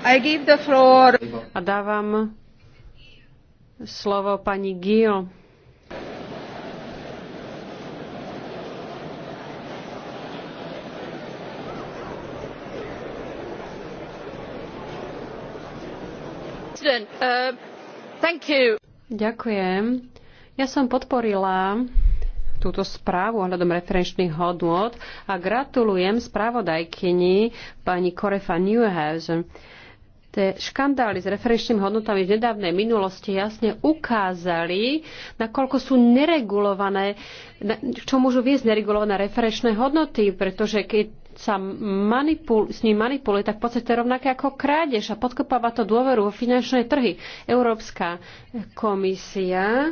A dávam slovo pani Gio. Uh, Ďakujem. Ja som podporila túto správu ohľadom referenčných hodnôt a gratulujem spravodajkyni pani Korefa Newhausen. Tie škandály s referenčnými hodnotami v nedávnej minulosti jasne ukázali, nakoľko sú neregulované, čo môžu viesť neregulované referenčné hodnoty, pretože keď sa manipul, s ním manipuluje, tak v podstate rovnaké ako krádež a podkopáva to dôveru vo finančné trhy. Európska komisia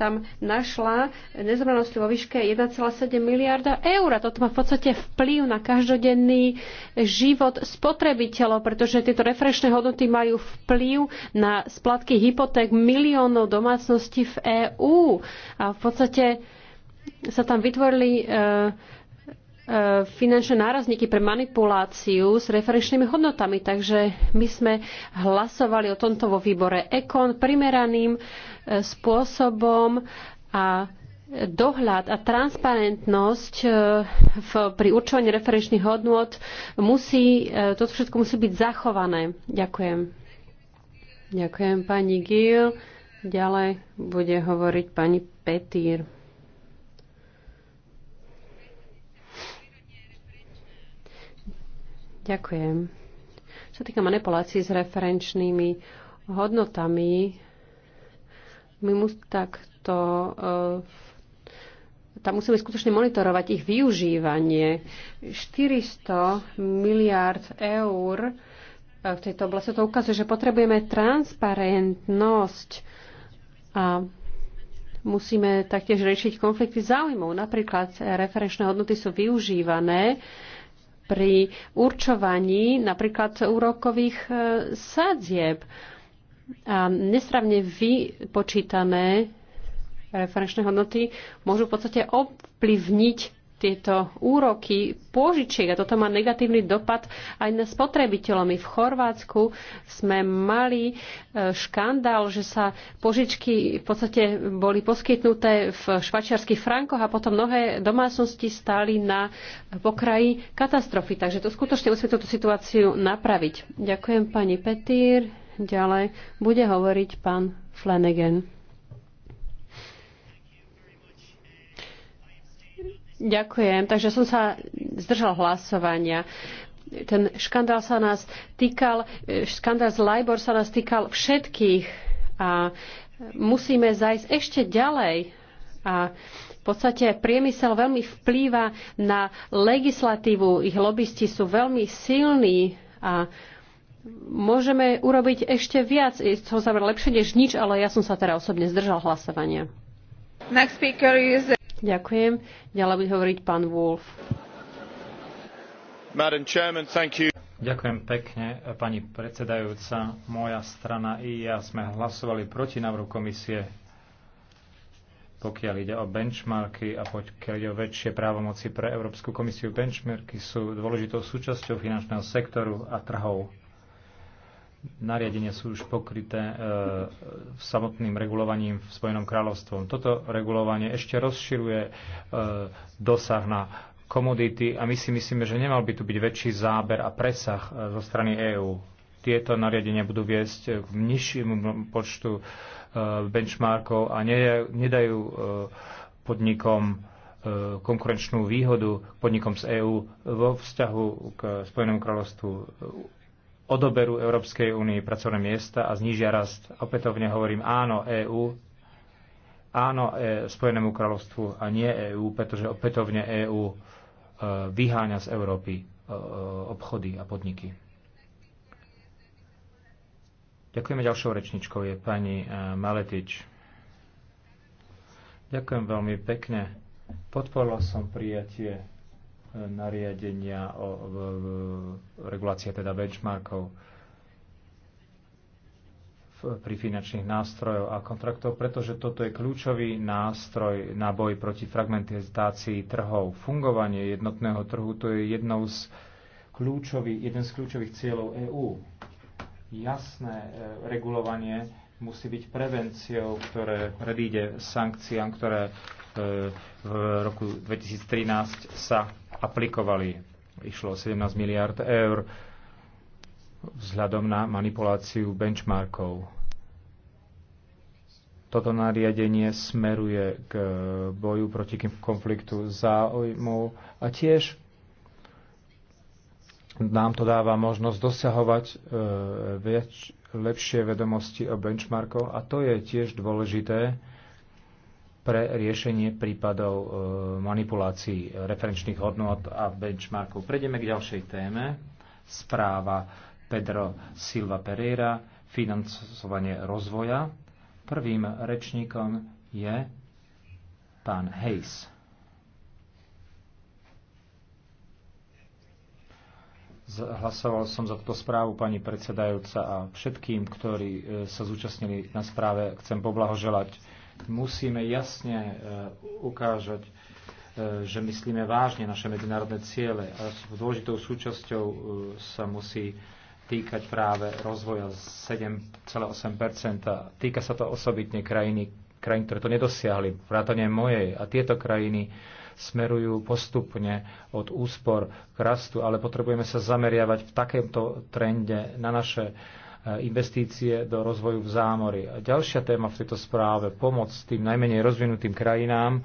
tam našla nezrovnalosti vo výške 1,7 miliarda eur. A toto má v podstate vplyv na každodenný život spotrebiteľov, pretože tieto refrešné hodnoty majú vplyv na splatky hypoték miliónov domácností v EÚ. A v podstate sa tam vytvorili e, E, finančné nárazníky pre manipuláciu s referenčnými hodnotami. Takže my sme hlasovali o tomto vo výbore EKON primeraným e, spôsobom a dohľad a transparentnosť e, v, pri určovaní referenčných hodnot musí, toto všetko musí byť zachované. Ďakujem. Ďakujem pani Gil. Ďalej bude hovoriť pani Petír. Ďakujem. Čo týka manipulácií s referenčnými hodnotami, my mus, takto, e, tam musíme skutočne monitorovať ich využívanie. 400 miliard eur e, v tejto oblasti to ukazuje, že potrebujeme transparentnosť a musíme taktiež riešiť konflikty záujmov. Napríklad referenčné hodnoty sú využívané pri určovaní napríklad úrokových e, sadzieb. A nesravne vypočítané referenčné hodnoty môžu v podstate ovplyvniť tieto úroky pôžičiek a toto má negatívny dopad aj na spotrebiteľov. My v Chorvátsku sme mali e, škandál, že sa požičky v podstate boli poskytnuté v švačiarských frankoch a potom mnohé domácnosti stáli na pokraji katastrofy. Takže to skutočne musíme túto situáciu napraviť. Ďakujem pani Petýr. Ďalej bude hovoriť pán Flanagan. Ďakujem. Takže som sa zdržal hlasovania. Ten škandál sa nás týkal, eh, škandál z Libor sa nás týkal všetkých a musíme zajsť ešte ďalej. A v podstate priemysel veľmi vplýva na legislatívu, ich lobbysti sú veľmi silní a môžeme urobiť ešte viac. Som sa lepšie než nič, ale ja som sa teda osobne zdržal hlasovania. Next speaker is Ďakujem. Ďalej bude hovoriť pán Wolf. Ďakujem pekne, pani predsedajúca. Moja strana i ja sme hlasovali proti návrhu komisie, pokiaľ ide o benchmarky a pokiaľ ide o väčšie právomoci pre Európsku komisiu. Benchmarky sú dôležitou súčasťou finančného sektoru a trhov nariadenia sú už pokryté e, samotným regulovaním v Spojenom kráľovstvom. Toto regulovanie ešte rozširuje e, dosah na komodity a my si myslíme, že nemal by tu byť väčší záber a presah e, zo strany EÚ. Tieto nariadenia budú viesť k nižšiemu počtu e, benchmarkov a ne, nedajú e, podnikom e, konkurenčnú výhodu podnikom z EÚ vo vzťahu k Spojenému kráľovstvu odoberú Európskej únii pracovné miesta a znižia rast. Opätovne hovorím áno EÚ, áno e, Spojenému kráľovstvu a nie EÚ, pretože opätovne EÚ e, vyháňa z Európy e, e, obchody a podniky. Ďakujeme ďalšou rečničkou je pani e, Maletič. Ďakujem veľmi pekne. Podporila som prijatie nariadenia o v, v, regulácia teda benchmarkov v, pri finančných nástrojov a kontraktov, pretože toto je kľúčový nástroj na boj proti fragmentizácii trhov. Fungovanie jednotného trhu to je jednou z kľúčový, jeden z kľúčových cieľov EÚ. Jasné e, regulovanie musí byť prevenciou, ktoré predíde sankciám, ktoré e, v roku 2013 sa aplikovali. Išlo 17 miliard eur vzhľadom na manipuláciu benchmarkov. Toto nariadenie smeruje k boju proti konfliktu záujmov a tiež nám to dáva možnosť dosahovať e, väč, lepšie vedomosti o benchmarkoch a to je tiež dôležité, pre riešenie prípadov e, manipulácií referenčných hodnot a benchmarkov. Prejdeme k ďalšej téme. Správa Pedro Silva Pereira, financovanie rozvoja. Prvým rečníkom je pán Hayes. Hlasoval som za túto správu pani predsedajúca a všetkým, ktorí e, sa zúčastnili na správe, chcem poblahoželať Musíme jasne e, ukážať, e, že myslíme vážne naše medzinárodné ciele a dôležitou súčasťou e, sa musí týkať práve rozvoja 7,8 Týka sa to osobitne krajiny, krajín, ktoré to nedosiahli, vrátane mojej. A tieto krajiny smerujú postupne od úspor k rastu, ale potrebujeme sa zameriavať v takémto trende na naše uh, Eh, investície do rozvoju v zámori. A ďalšia téma v tejto správe, pomoc tým najmenej rozvinutým krajinám, eh,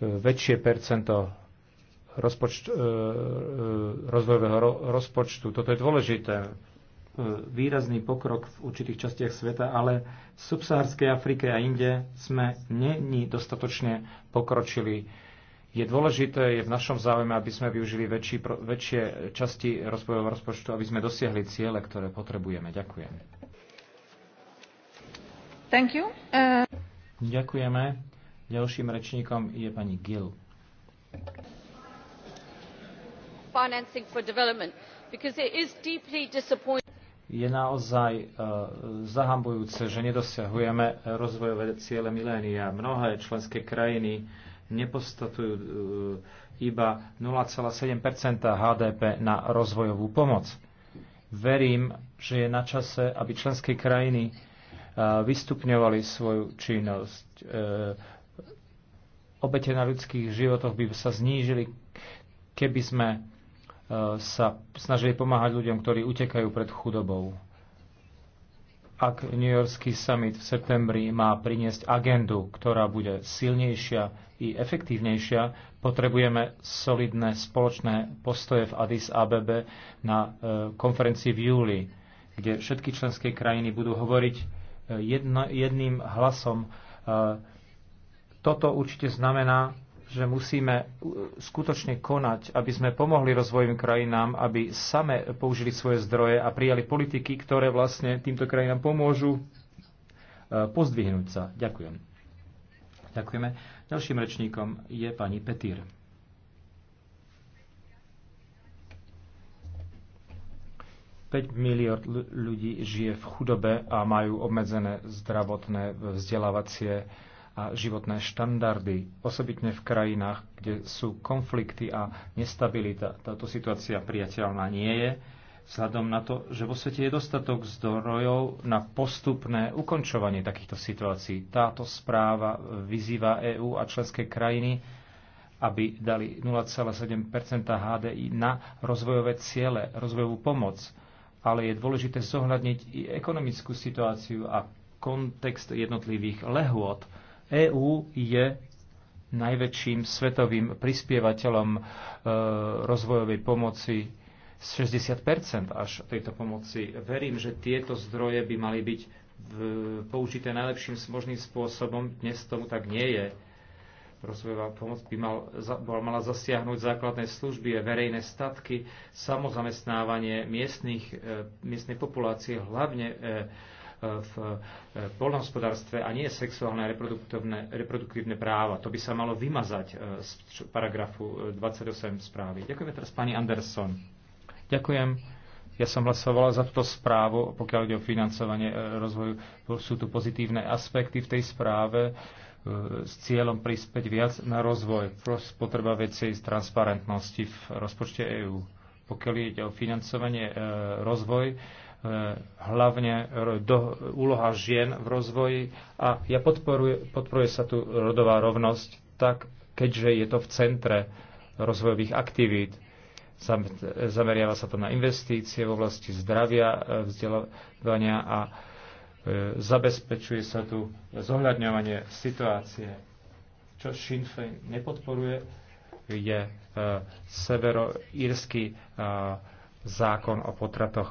väčšie percento rozpočt, eh, rozvojového rozpočtu. Toto je dôležité. Výrazný pokrok v určitých častiach sveta, ale v subsahárskej Afrike a inde sme není dostatočne pokročili je dôležité, je v našom záujme, aby sme využili väčší, väčšie časti rozvojového rozpočtu, aby sme dosiahli ciele, ktoré potrebujeme. Ďakujem. Thank you. Uh... Ďakujeme. Ďalším rečníkom je pani Gill. Financing for development, because it is deeply disappointing je naozaj uh, zahambujúce, že nedosiahujeme rozvojové ciele milénia. Mnohé členské krajiny nepostatujú e, iba 0,7 HDP na rozvojovú pomoc. Verím, že je na čase, aby členské krajiny e, vystupňovali svoju činnosť. E, obete na ľudských životoch by sa znížili, keby sme sa snažili pomáhať ľuďom, ktorí utekajú pred chudobou ak New Yorkský summit v septembri má priniesť agendu, ktorá bude silnejšia i efektívnejšia, potrebujeme solidné spoločné postoje v Addis ABB na e, konferencii v júli, kde všetky členské krajiny budú hovoriť e, jedno, jedným hlasom. E, toto určite znamená že musíme e, skutočne konať, aby sme pomohli rozvojovým krajinám, aby same použili svoje zdroje a prijali politiky, ktoré vlastne týmto krajinám pomôžu e, pozdvihnúť sa. Ďakujem. Ďakujeme. Ďalším rečníkom je pani Petír. miliard ľudí žije v chudobe a majú obmedzené zdravotné vzdelávacie a životné štandardy, osobitne v krajinách, kde sú konflikty a nestabilita. Táto situácia priateľná nie je, vzhľadom na to, že vo svete je dostatok zdrojov na postupné ukončovanie takýchto situácií. Táto správa vyzýva EÚ a členské krajiny, aby dali 0,7 HDI na rozvojové ciele, rozvojovú pomoc. Ale je dôležité zohľadniť i ekonomickú situáciu a kontext jednotlivých lehôd, EÚ je najväčším svetovým prispievateľom e, rozvojovej pomoci z 60 až tejto pomoci. Verím, že tieto zdroje by mali byť použité najlepším možným spôsobom. Dnes tomu tak nie je. Rozvojová pomoc by mal, mala zasiahnuť základné služby verejné statky, samozamestnávanie miestnych, e, miestnej populácie, hlavne e, v e, poľnohospodárstve a nie sexuálne a reproduktívne práva. To by sa malo vymazať e, z paragrafu 28 e, správy. Ďakujeme teraz pani Anderson. Ďakujem. Ja som hlasovala za túto správu, pokiaľ ide o financovanie rozvoju. Sú tu pozitívne aspekty v tej správe s cieľom prispäť viac na rozvoj, potreba veci z transparentnosti v rozpočte EÚ. Pokiaľ ide o financovanie rozvoj, E, hlavne do, úloha žien v rozvoji a ja podporuje, podporuje sa tu rodová rovnosť tak, keďže je to v centre rozvojových aktivít. Zameriava sa to na investície v oblasti zdravia, e, vzdelávania a e, zabezpečuje sa tu zohľadňovanie situácie. Čo Sinn Féin nepodporuje, je severoírsky zákon o potratoch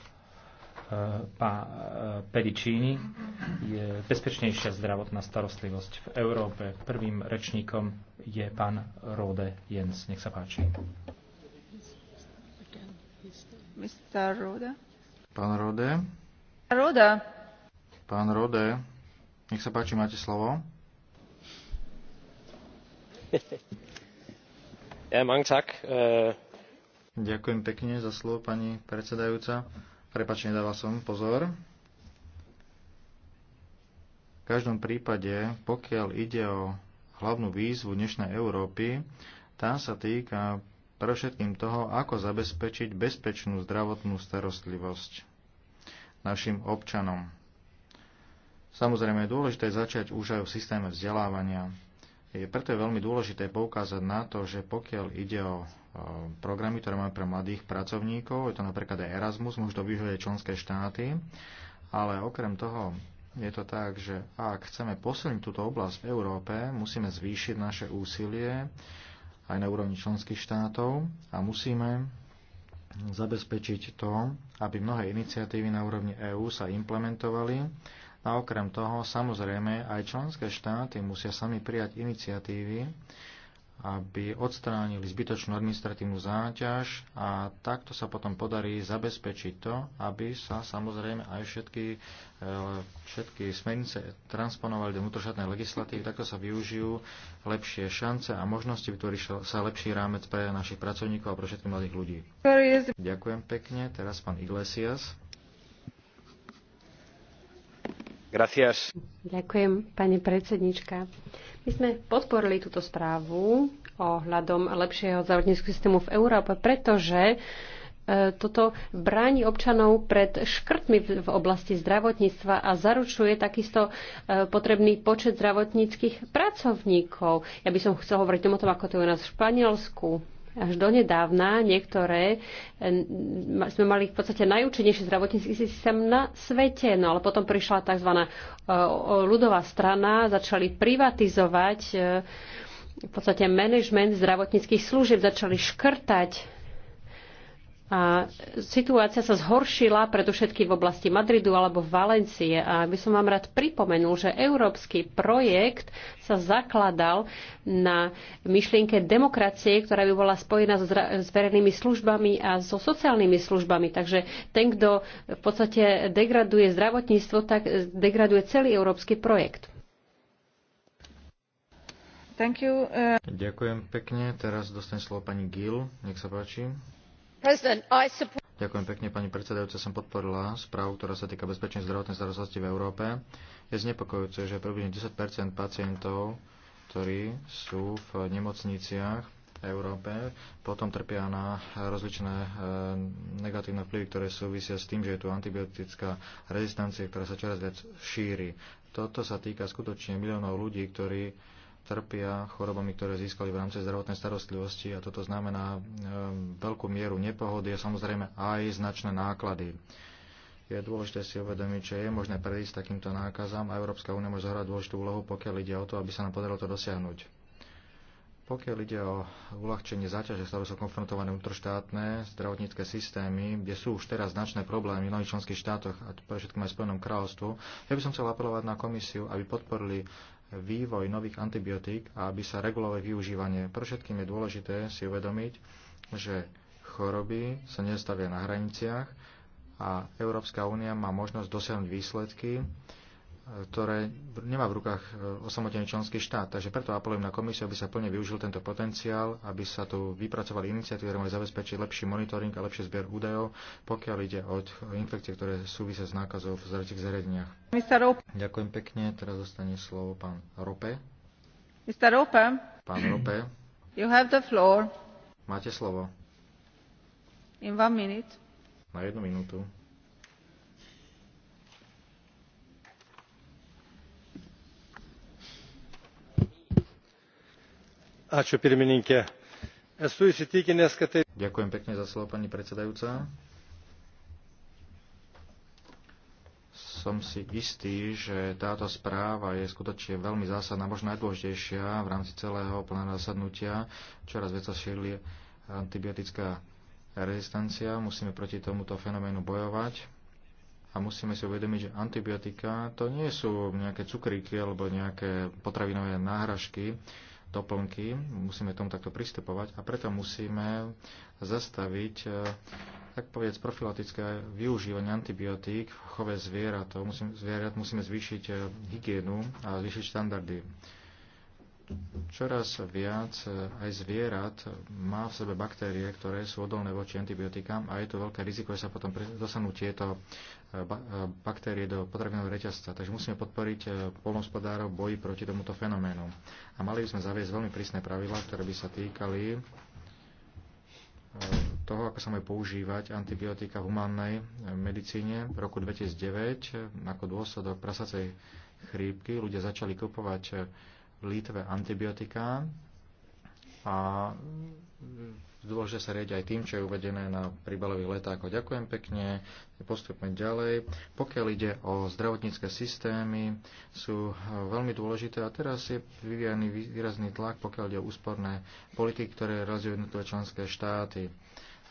Eh, eh, Pedicini je bezpečnejšia zdravotná starostlivosť v Európe. Prvým rečníkom je pán Rode Jens. Nech sa páči. Mr. Rode. Pán Rode. Rode. Pán Rode. Nech sa páči, máte slovo. ja, mám tak. Eh, Ďakujem pekne za slovo, pani predsedajúca. Prepačne, nedával som pozor. V každom prípade, pokiaľ ide o hlavnú výzvu dnešnej Európy, tá sa týka pre všetkým toho, ako zabezpečiť bezpečnú zdravotnú starostlivosť našim občanom. Samozrejme je dôležité začať už aj v systéme vzdelávania. Je, preto je veľmi dôležité poukázať na to, že pokiaľ ide o programy, ktoré máme pre mladých pracovníkov, je to napríklad aj Erasmus, možno vyžuje členské štáty, ale okrem toho je to tak, že ak chceme posilniť túto oblasť v Európe, musíme zvýšiť naše úsilie aj na úrovni členských štátov a musíme zabezpečiť to, aby mnohé iniciatívy na úrovni EÚ sa implementovali a okrem toho, samozrejme, aj členské štáty musia sami prijať iniciatívy, aby odstránili zbytočnú administratívnu záťaž a takto sa potom podarí zabezpečiť to, aby sa samozrejme aj všetky, e, všetky smernice transponovali do vnútrošatnej legislatívy, takto sa využijú lepšie šance a možnosti vytvoriť sa lepší rámec pre našich pracovníkov a pre všetkých mladých ľudí. Ďakujem pekne, teraz pán Iglesias. Gracias. Ďakujem, pani predsednička. My sme podporili túto správu ohľadom lepšieho zdravotníckého systému v Európe, pretože e, toto bráni občanov pred škrtmi v oblasti zdravotníctva a zaručuje takisto e, potrebný počet zdravotníckých pracovníkov. Ja by som chcel hovoriť o tom, ako to je u nás v Španielsku až donedávna niektoré eh, sme mali v podstate najúčinnejší zdravotnícky systém na svete, no ale potom prišla tzv. Eh, ľudová strana, začali privatizovať eh, v podstate management zdravotníckých služieb, začali škrtať a situácia sa zhoršila predovšetkým v oblasti Madridu alebo Valencie. A by som vám rád pripomenul, že európsky projekt sa zakladal na myšlienke demokracie, ktorá by bola spojená so s verejnými službami a so sociálnymi službami. Takže ten, kto v podstate degraduje zdravotníctvo, tak degraduje celý európsky projekt. Thank you. Uh, Ďakujem pekne. Teraz dostane slovo pani Gil. Nech sa páči. Ďakujem pekne, pani predsedajúca. Som podporila správu, ktorá sa týka bezpečnej zdravotnej starostlivosti v Európe. Je znepokojujúce, že približne 10 pacientov, ktorí sú v nemocniciach v Európe, potom trpia na rozličné e, negatívne vplyvy, ktoré súvisia s tým, že je tu antibiotická rezistancia, ktorá sa čoraz viac šíri. Toto sa týka skutočne miliónov ľudí, ktorí trpia chorobami, ktoré získali v rámci zdravotnej starostlivosti a toto znamená e, veľkú mieru nepohody a samozrejme aj značné náklady. Je dôležité si uvedomiť, že je možné predísť takýmto nákazám a Európska únia môže zohrať dôležitú úlohu, pokiaľ ide o to, aby sa nám podarilo to dosiahnuť. Pokiaľ ide o uľahčenie záťaže, ktoré sú konfrontované vnútroštátne zdravotnícke systémy, kde sú už teraz značné problémy v mnohých členských štátoch a pre všetkým aj v Spojenom kráľovstvu, ja by som chcel apelovať na komisiu, aby podporili vývoj nových antibiotík a aby sa regulovalo využívanie. Pre všetkým je dôležité si uvedomiť, že choroby sa nezastavia na hraniciach a Európska únia má možnosť dosiahnuť výsledky, ktoré nemá v rukách e, osamotený členský štát. Takže preto apelujem na komisiu, aby sa plne využil tento potenciál, aby sa tu vypracovali iniciatívy, ktoré mali zabezpečiť lepší monitoring a lepší zbier údajov, pokiaľ ide o infekcie, ktoré súvisia s nákazou v zdravotných zariadeniach. Ďakujem pekne. Teraz zostane slovo pán Rope. Mr. Rope. Pán Rope. You have the floor. Máte slovo. In one minute. Na jednu minútu. Ďakujem pekne za slovo, pani predsedajúca. Som si istý, že táto správa je skutočne veľmi zásadná, možno najdôležitejšia v rámci celého plného zasadnutia. Čoraz viac sa šíri antibiotická rezistencia, musíme proti tomuto fenoménu bojovať a musíme si uvedomiť, že antibiotika to nie sú nejaké cukríky alebo nejaké potravinové náhražky doplnky, musíme tomu takto pristupovať a preto musíme zastaviť e, tak povedať, profilatické využívanie antibiotík v chove zvieratov. Musím, zvierat musíme zvýšiť e, hygienu a zvýšiť štandardy. Čoraz viac e, aj zvierat má v sebe baktérie, ktoré sú odolné voči antibiotikám a je to veľké riziko, že sa potom dosanú tieto baktérie do potravinového reťazca. Takže musíme podporiť eh, polnospodárov boji proti tomuto fenoménu. A mali by sme zaviesť veľmi prísne pravidlá, ktoré by sa týkali eh, toho, ako sa majú používať antibiotika v humánnej eh, medicíne. V roku 2009 ako dôsledok prasacej chrípky ľudia začali kupovať v Litve antibiotika a dôležite sa riadiť aj tým, čo je uvedené na príbalových letákoch. Ďakujem pekne, postupme ďalej. Pokiaľ ide o zdravotnícke systémy, sú eh, veľmi dôležité a teraz je vyvíjaný výrazný tlak, pokiaľ ide o úsporné politiky, ktoré realizujú jednotlivé členské štáty.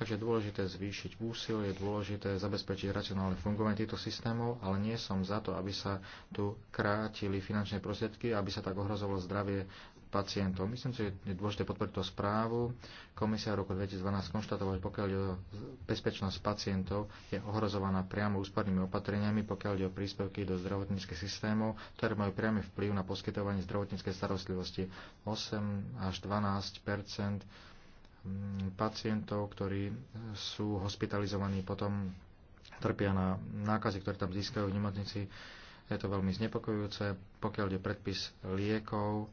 Takže je dôležité zvýšiť úsilie, je dôležité zabezpečiť racionálne fungovanie týchto systémov, ale nie som za to, aby sa tu krátili finančné prostriedky, aby sa tak ohrozovalo zdravie pacientov. Myslím si, že je dôležité podporiť tú správu. Komisia v roku 2012 konštatovala, že pokiaľ je o bezpečnosť pacientov, je ohrozovaná priamo úspornými opatreniami, pokiaľ ide o príspevky do zdravotníckých systémov, ktoré majú priamy vplyv na poskytovanie zdravotníckej starostlivosti. 8 až 12 mm, pacientov, ktorí sú hospitalizovaní, potom trpia na nákazy, ktoré tam získajú v nemocnici. Je to veľmi znepokojujúce, pokiaľ je predpis liekov,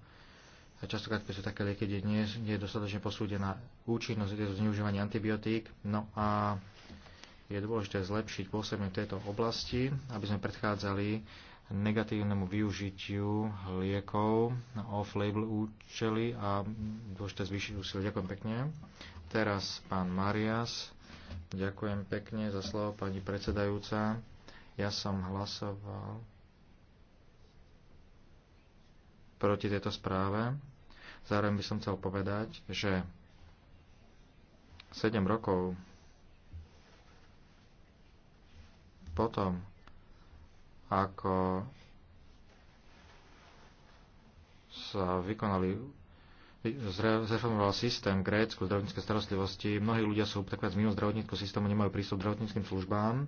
a častokrát, keď sú také lieky, kde nie, nie je dostatočne posúdená účinnosť, je to zneužívanie antibiotík. No a je dôležité zlepšiť pôsobenie tejto oblasti, aby sme predchádzali negatívnemu využitiu liekov na off-label účely a dôležité zvýšiť úsilie. Ďakujem pekne. Teraz pán Marias. Ďakujem pekne za slovo, pani predsedajúca. Ja som hlasoval proti tejto správe. Zároveň by som chcel povedať, že 7 rokov potom, ako sa vykonali, zreformoval systém grécku zdravotníckej starostlivosti, mnohí ľudia sú tak viac mimo zdravotníckého systému, nemajú prístup k zdravotníckým službám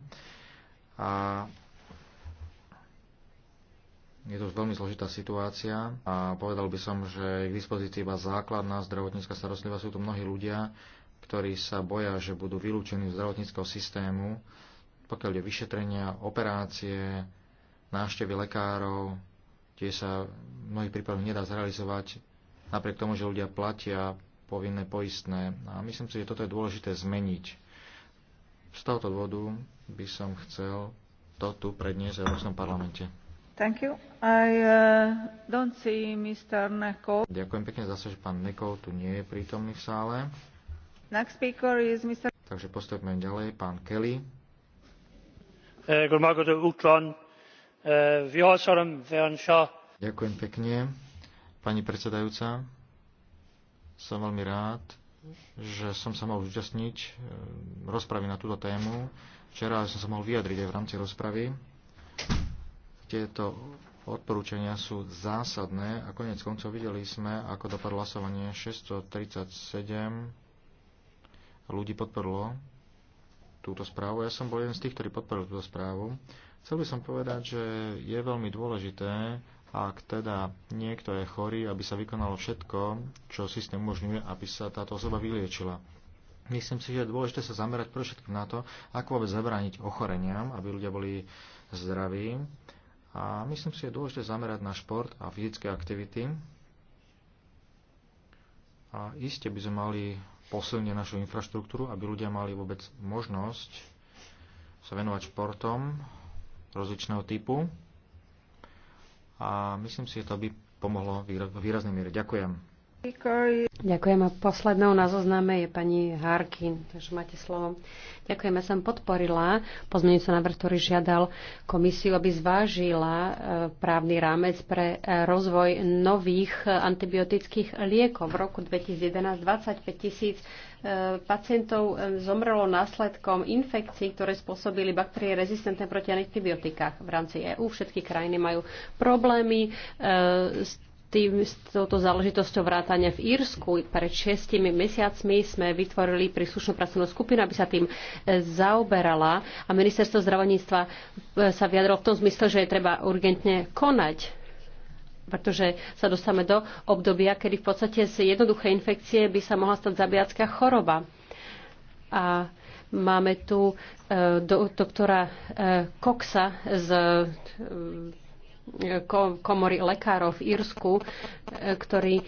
a je to už veľmi zložitá situácia a povedal by som, že je k dispozícii iba základná zdravotnícka starostlivá, Sú tu mnohí ľudia, ktorí sa boja, že budú vylúčení z zdravotníckého systému, pokiaľ je vyšetrenia, operácie, návštevy lekárov, tie sa v mnohých prípadoch nedá zrealizovať, napriek tomu, že ľudia platia povinné poistné. A myslím si, že toto je dôležité zmeniť. Z tohoto dôvodu by som chcel to tu predniesť v Európskom parlamente. Uh, Ďakujem pekne za to, že pán Nekov tu nie je prítomný v sále. Mr... Takže postupme ďalej. Pán Kelly. Eh, eh, Ďakujem pekne. Pani predsedajúca, som veľmi rád, že som sa mohol zúčastniť eh, rozpravy na túto tému. Včera som sa mohol vyjadriť aj v rámci rozpravy tieto odporúčania sú zásadné a konec koncov videli sme, ako dopadlo hlasovanie 637 ľudí podporilo túto správu. Ja som bol jeden z tých, ktorí podporil túto správu. Chcel by som povedať, že je veľmi dôležité, ak teda niekto je chorý, aby sa vykonalo všetko, čo systém umožňuje, aby sa táto osoba vyliečila. Myslím si, že je dôležité sa zamerať pre všetkým na to, ako vôbec zabrániť ochoreniam, aby ľudia boli zdraví. A myslím si, že je dôležité zamerať na šport a fyzické aktivity. A iste by sme mali posilniť našu infraštruktúru, aby ľudia mali vôbec možnosť sa venovať športom rozličného typu. A myslím si, že to by pomohlo výrazným miere. Ďakujem. Ďakujem. A poslednou na zozname je pani Harkin, takže máte slovo. Ďakujem, ja som podporila pozmeňujúci návrh, ktorý žiadal komisiu, aby zvážila e, právny rámec pre e, rozvoj nových e, antibiotických liekov. V roku 2011 25 tisíc pacientov zomrelo následkom infekcií, ktoré spôsobili baktérie rezistentné proti antibiotikách v rámci EÚ. Všetky krajiny majú problémy s tým, s touto záležitosťou vrátane v Írsku. Pred šestimi mesiacmi sme vytvorili príslušnú pracovnú skupinu, aby sa tým e, zaoberala a ministerstvo zdravotníctva e, sa vyjadrilo v tom zmysle, že je treba urgentne konať pretože sa dostávame do obdobia, kedy v podstate z jednoduché infekcie by sa mohla stať zabijacká choroba. A máme tu e, do, doktora e, Coxa z e, komory lekárov v Írsku, e, ktorý e,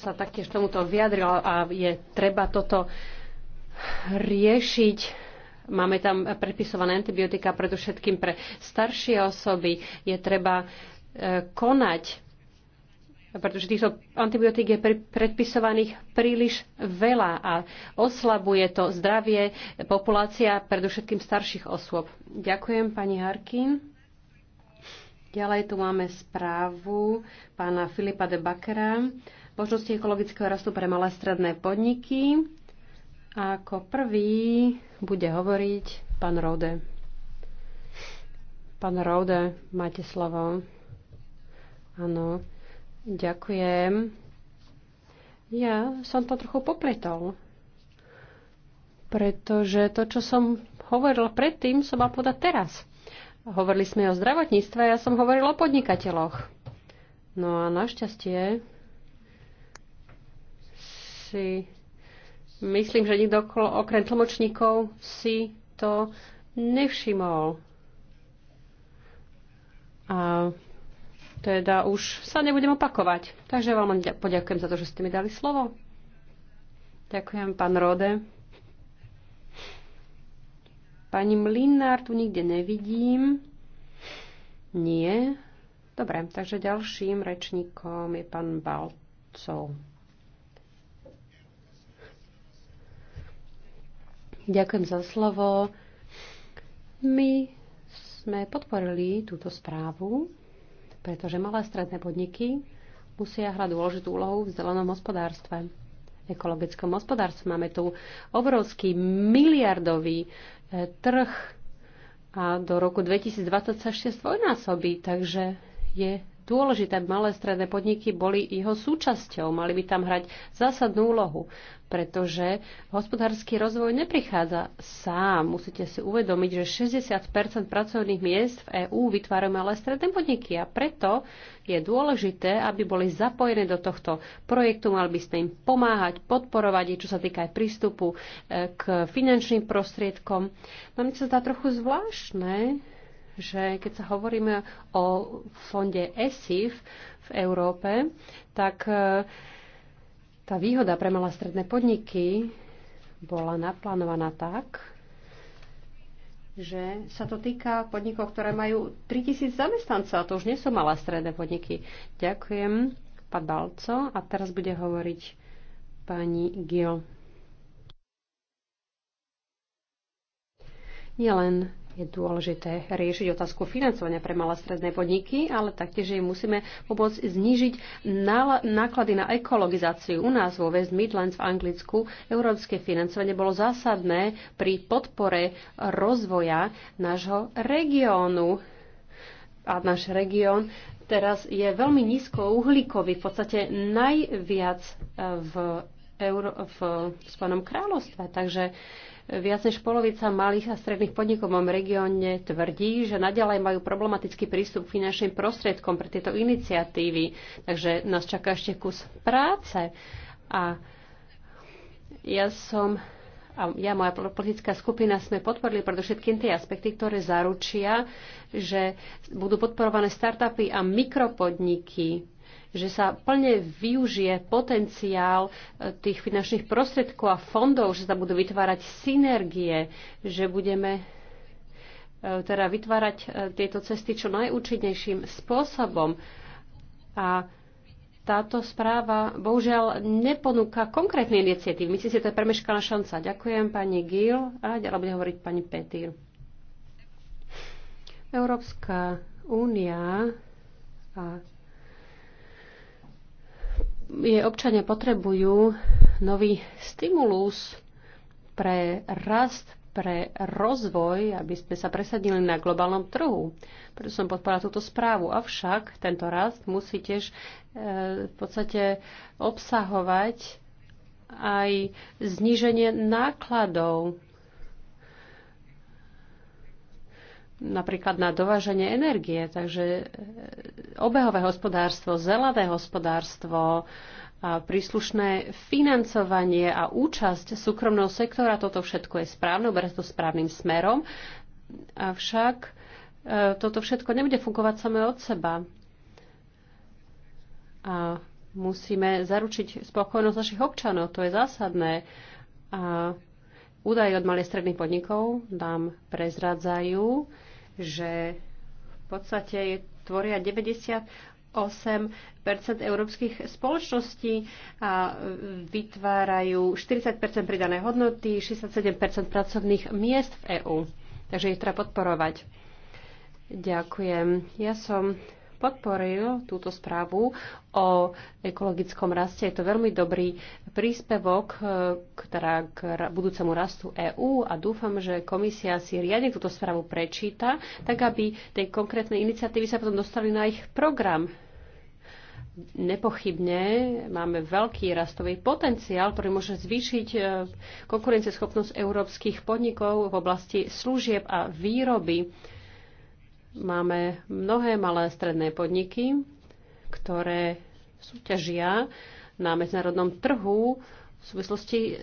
sa taktiež tomuto vyjadril a je treba toto riešiť. Máme tam predpisované antibiotika predovšetkým pre staršie osoby. Je treba e, konať, pretože týchto antibiotík je predpisovaných príliš veľa a oslabuje to zdravie populácia predovšetkým starších osôb. Ďakujem, pani Harkin. Ďalej tu máme správu pána Filipa de Bakera. Možnosti ekologického rastu pre malé stredné podniky. A ako prvý bude hovoriť pán Rode. Pán Rode, máte slovo. Áno, ďakujem. Ja som to trochu popretol, pretože to, čo som hovoril predtým, som mal podať teraz. Hovorili sme o zdravotníctve, ja som hovoril o podnikateľoch. No a našťastie si myslím, že nikto okrem tlmočníkov si to nevšimol. A teda už sa nebudem opakovať. Takže vám poďakujem za to, že ste mi dali slovo. Ďakujem, pán Rode. Pani Mlinár tu nikde nevidím. Nie. Dobre, takže ďalším rečníkom je pán Balcov. Ďakujem za slovo. My sme podporili túto správu, pretože malé stredné podniky musia hrať dôležitú úlohu v zelenom hospodárstve, ekologickom hospodárstve. Máme tu obrovský miliardový E, trh a do roku 2020 sa ešte zdvojnásobí, takže je dôležité, aby malé stredné podniky boli jeho súčasťou, mali by tam hrať zásadnú úlohu, pretože hospodársky rozvoj neprichádza sám. Musíte si uvedomiť, že 60 pracovných miest v EÚ vytvárajú malé stredné podniky a preto je dôležité, aby boli zapojené do tohto projektu, mali by ste im pomáhať, podporovať, čo sa týka aj prístupu e, k finančným prostriedkom. Nám sa zdá trochu zvláštne, že keď sa hovoríme o fonde ESIF v Európe, tak e, tá výhoda pre malé stredné podniky bola naplánovaná tak, že sa to týka podnikov, ktoré majú 3000 zamestnancov. a To už nie sú malé stredné podniky. Ďakujem, pán Balco. A teraz bude hovoriť pani Gil. Nielen je dôležité riešiť otázku financovania pre malé stredné podniky, ale taktiež im musíme pomôcť znížiť náklady na ekologizáciu. U nás vo West Midlands v Anglicku európske financovanie bolo zásadné pri podpore rozvoja nášho regiónu. A náš región teraz je veľmi nízko uhlíkový, v podstate najviac v Euró- v Spojenom kráľovstve. Takže viac než polovica malých a stredných podnikov v mojom regióne tvrdí, že naďalej majú problematický prístup k finančným prostriedkom pre tieto iniciatívy. Takže nás čaká ešte kus práce. A ja som a ja, moja politická skupina, sme podporili všetkým tie aspekty, ktoré zaručia, že budú podporované startupy a mikropodniky že sa plne využije potenciál e, tých finančných prostriedkov a fondov, že sa budú vytvárať synergie, že budeme e, teda vytvárať e, tieto cesty čo najúčinnejším spôsobom. A táto správa bohužiaľ neponúka konkrétne iniciatívy. Myslím si, že to je premeškaná šanca. Ďakujem pani Gil a ďalej bude hovoriť pani Petýr. Európska únia a jej občania potrebujú nový stimulus pre rast, pre rozvoj, aby sme sa presadili na globálnom trhu. Preto som podporila túto správu. Avšak tento rast musí tiež e, v podstate obsahovať aj zníženie nákladov napríklad na dováženie energie. Takže e, obehové hospodárstvo, zelené hospodárstvo, a príslušné financovanie a účasť súkromného sektora, toto všetko je správne, uberá to správnym smerom. Avšak e, toto všetko nebude fungovať samé od seba. A musíme zaručiť spokojnosť našich občanov, to je zásadné. A údaje od malých stredných podnikov nám prezradzajú, že v podstate je, tvoria 98 európskych spoločností a e, vytvárajú 40 pridané hodnoty, 67 pracovných miest v EÚ. Takže ich treba podporovať. Ďakujem. Ja som podporil túto správu o ekologickom raste. Je to veľmi dobrý príspevok e, k, k budúcemu rastu EÚ a dúfam, že komisia si riadne túto správu prečíta, tak aby tej konkrétnej iniciatívy sa potom dostali na ich program. Nepochybne máme veľký rastový potenciál, ktorý môže zvýšiť e, konkurencieschopnosť európskych podnikov v oblasti služieb a výroby Máme mnohé malé stredné podniky, ktoré súťažia na medzinárodnom trhu v súvislosti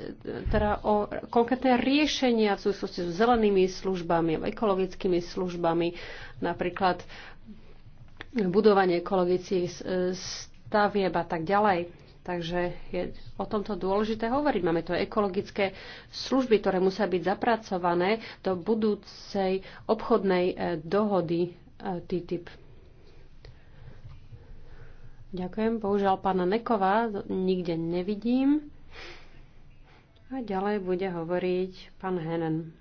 teda o konkrétne riešenia v súvislosti s zelenými službami, ekologickými službami, napríklad budovanie ekologických stavieb a tak ďalej. Takže je o tomto dôležité hovoriť. Máme tu ekologické služby, ktoré musia byť zapracované do budúcej obchodnej e, dohody e, TTIP. Ďakujem. Bohužiaľ pána Nekova nikde nevidím. A ďalej bude hovoriť pán Henen.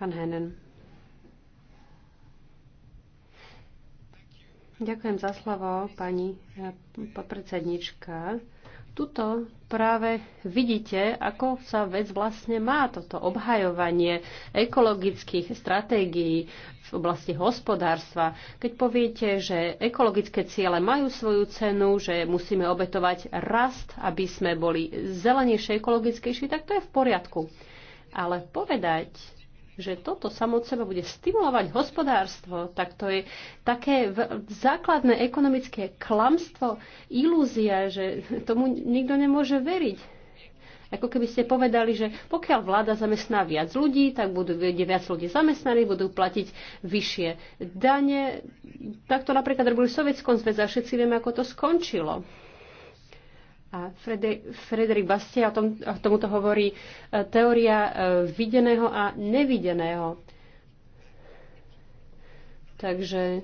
Pán Henen. Ďakujem za slovo, pani e, podpredsednička. Tuto práve vidíte, ako sa vec vlastne má, toto obhajovanie ekologických stratégií v oblasti hospodárstva. Keď poviete, že ekologické ciele majú svoju cenu, že musíme obetovať rast, aby sme boli zelenejšie, ekologickejšie, tak to je v poriadku. Ale povedať, že toto samo od seba bude stimulovať hospodárstvo, tak to je také základné ekonomické klamstvo, ilúzia, že tomu nikto nemôže veriť. Ako keby ste povedali, že pokiaľ vláda zamestná viac ľudí, tak budú viac ľudí zamestnaní, budú platiť vyššie dane. Tak to napríklad robili v Sovietskom zväze a všetci vieme, ako to skončilo. A Frederik Bastia o tom, o tomuto hovorí e, teória e, videného a nevideného. Takže e,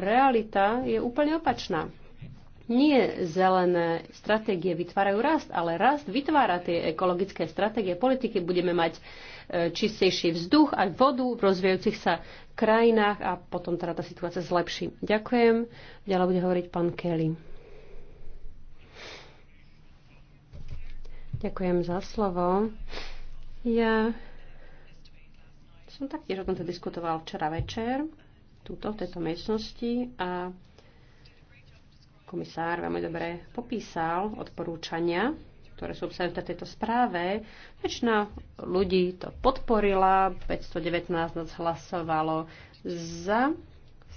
realita je úplne opačná. Nie zelené stratégie vytvárajú rast, ale rast vytvára tie ekologické stratégie politiky. Budeme mať čistejší vzduch a vodu v rozvíjajúcich sa krajinách a potom teda tá situácia zlepší. Ďakujem. Ďalej bude hovoriť pán Kelly. Ďakujem za slovo. Ja som taktiež o tomto diskutoval včera večer, túto, v tejto miestnosti a komisár veľmi dobre popísal odporúčania, ktoré sú obsahnuté v tejto správe. Väčšina ľudí to podporila, 519 nás hlasovalo za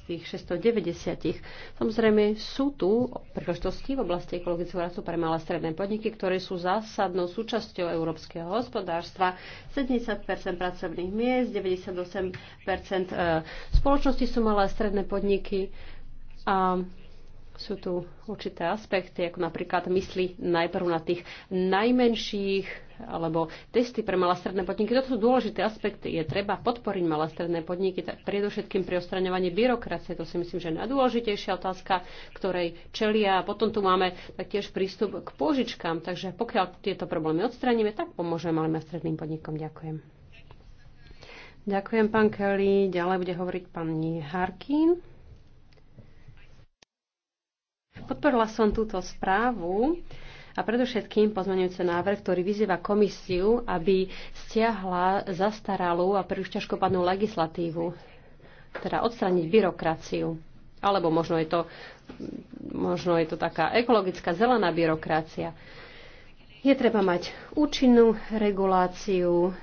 z tých 690. Samozrejme sú tu príležitosti v oblasti ekologického rastu pre malé stredné podniky, ktoré sú zásadnou súčasťou európskeho hospodárstva. 70 pracovných miest, 98 e, spoločnosti sú malé stredné podniky a sú tu určité aspekty, ako napríklad mysli najprv na tých najmenších alebo testy pre malé stredné podniky. Toto sú dôležité aspekty. Je treba podporiť malé stredné podniky, predovšetkým pri ostraňovaní byrokracie. To si myslím, že je najdôležitejšia otázka, ktorej čelia. Potom tu máme taktiež prístup k pôžičkám. Takže pokiaľ tieto problémy odstraníme, tak pomôžeme malým a stredným podnikom. Ďakujem. Ďakujem, pán Kelly. Ďalej bude hovoriť pani Harkin. Podporila som túto správu a predovšetkým pozmeňujúce návrh, ktorý vyzýva komisiu, aby stiahla zastaralú a príliš ťažkopadnú legislatívu, teda odstraniť byrokraciu. Alebo možno je to, možno je to taká ekologická zelená byrokracia. Je treba mať účinnú reguláciu,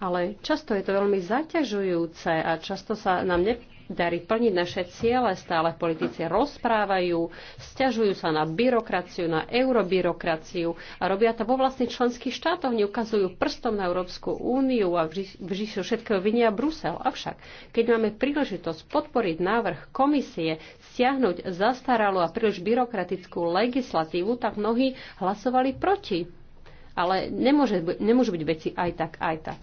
ale často je to veľmi zaťažujúce a často sa nám nedarí plniť naše ciele. Stále politici rozprávajú, stiažujú sa na byrokraciu, na eurobyrokraciu a robia to vo vlastných členských štátoch, neukazujú prstom na Európsku úniu a vždy sú všetkého vinia Brusel. Avšak, keď máme príležitosť podporiť návrh komisie, stiahnuť zastaralú a príliš byrokratickú legislatívu, tak mnohí hlasovali proti. Ale nemôže, nemôžu byť veci aj tak, aj tak.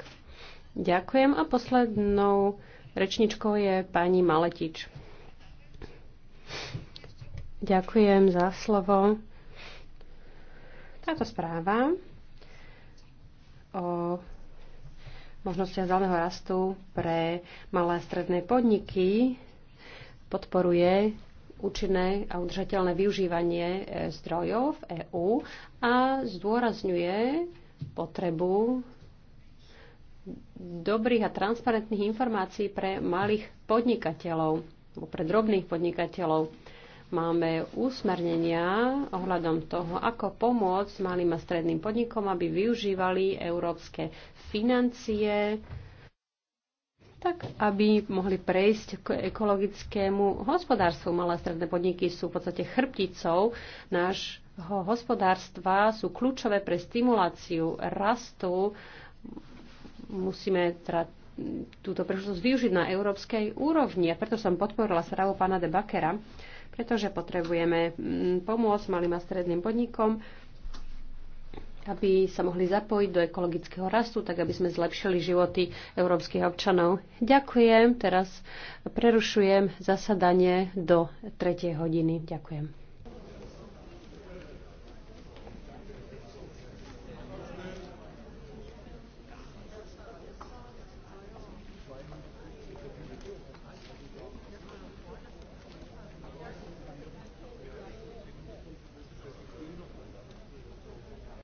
Ďakujem a poslednou rečničkou je pani Maletič. Ďakujem za slovo. Táto správa o možnostiach zeleného rastu pre malé a stredné podniky podporuje účinné a udržateľné využívanie e, zdrojov v EÚ a zdôrazňuje potrebu dobrých a transparentných informácií pre malých podnikateľov, pre drobných podnikateľov. Máme úsmernenia ohľadom toho, ako pomôcť malým a stredným podnikom, aby využívali európske financie, tak aby mohli prejsť k ekologickému hospodárstvu. Malé a stredné podniky sú v podstate chrbticou nášho hospodárstva, sú kľúčové pre stimuláciu rastu musíme teda túto príležitosť využiť na európskej úrovni. A preto som podporila správu pána de Bakera, pretože potrebujeme mm, pomôcť malým a stredným podnikom, aby sa mohli zapojiť do ekologického rastu, tak aby sme zlepšili životy európskych občanov. Ďakujem. Teraz prerušujem zasadanie do 3. hodiny. Ďakujem.